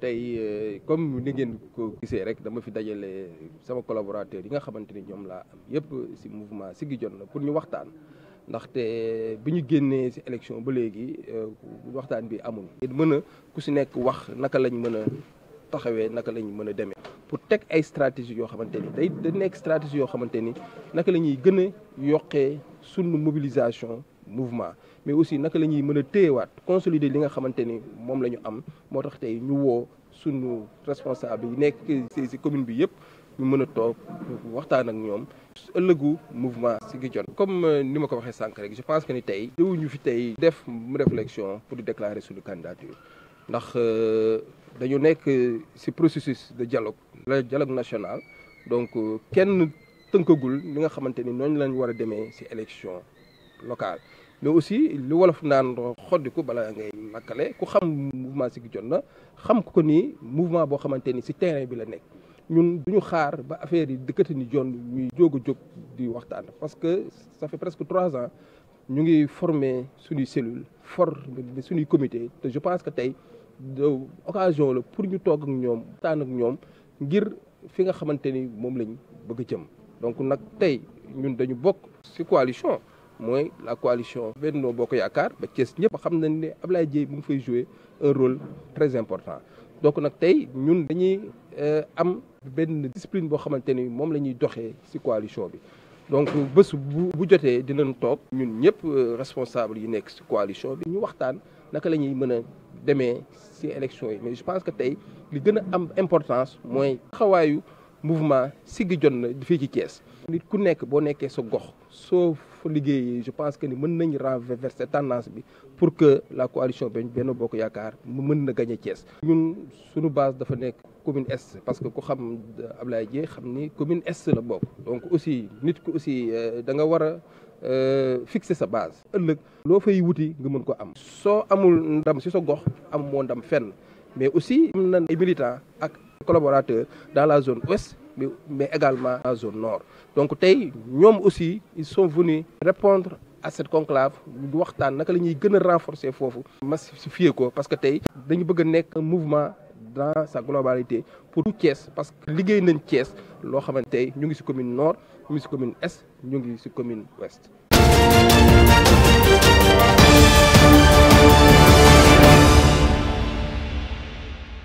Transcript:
tey euh, comme ni ngeen ko gisee rek dama fi dajale sama collaborateur yi nga xamante ni ñoom laa am yëpp si mouvement Siggi Jotna pour ñu waxtaan ndaxte bi ñu génnee si élection ba léegi euh, waxtaan bi amul. mën a ku si nekk wax naka lañ mën a taxawee naka lañ mën a demee. pour teg ay stratégie yoo xamante ni day da nekk stratégie yoo xamante ni naka la ñuy gën a yokkee sunu mobilisation mouvement mais aussi naka la ñuy mën a téyewaat consolider li nga xamante ni moom la ñu am moo tax tey ñu woo sunu responsable yi nekk ci commune bi yépp ñu mën a toog waxtaan ak ñoom. ëllëgu mouvement Siggicoor comme euh, ni ma ko waxee sànq rek je pense que ni tey. ñu fi tey def réflexion pour déclarer suñu candidature ndax euh, dañu nekk ci processus de dialogue. le dialogue national donc euh, kenn tënkagul li nga xamante ni noonu lañ war a demee ci élection locale mais aussi lu wolof naan xodiku bala ngay makale ku xam mouvement Siggi Jotna xam ko ni mouvement bo xamanteni ci terrain bi la nek ñun duñu xaar ba affaire yi dëkkati ni jon ñuy jóg a di waxtan parce que ça fait presque 3 ans ñu ngi former suñu cellule former suñu comité te je pense que tay occasion la pour ñu toog ak ñom tan ak ñom ngir fi nga xamanteni mom lañ bëgg jëm donc nak tay ñun dañu bok ci coalition moy la coalition Benno Bokk yakar ba Thiès ñëpp xam nañ ne Ablaye Dièye mu ngi fay jouer un rôle très important donc nak tay ñun dañuy euh, am ben discipline bo xamanteni mom lañuy doxé ci coalition bi donc bés bu joté dinañ toog ñun ñëpp euh, responsable yi nekk ci coalition bi ñu waxtaan naka lañuy mëna démé ci élection yi mais je pense que tay li gëna am importance mooy taxawaayu mouvement siggi jot na ci Thiès. nit ku nek bo nekkee sa gox soo fa liggéeyee je pense que ni meun nañ renverser cette tendance bi pour que la coalition ben Bokk Yaakaar mu mën na gagné Thiès. ñun suñu base dafa nek commune est parce que ku xam Ablaye Dieng xam ni commune est la bokk donc aussi nit ku aussi euh, da nga wara euh, fixer sa base. ëllëg lo fay wuti nga mën ko am. so amul ndam ci sa gox am mo ndam fenn mais aussi am na ay militants ak collaborateurs dans la zone ouest, mais, également dans la zone nord. Donc, nous aussi, ils sont venus répondre à cette conclave nous waxtaan renforcer massifier parce que tay dañu un mouvement dans sa globalité pour tout Thiès parce que les nañ Thiès nous xamante ñu ngi ci commune nord sommes ngi commune est ñu ngi ci commune ouest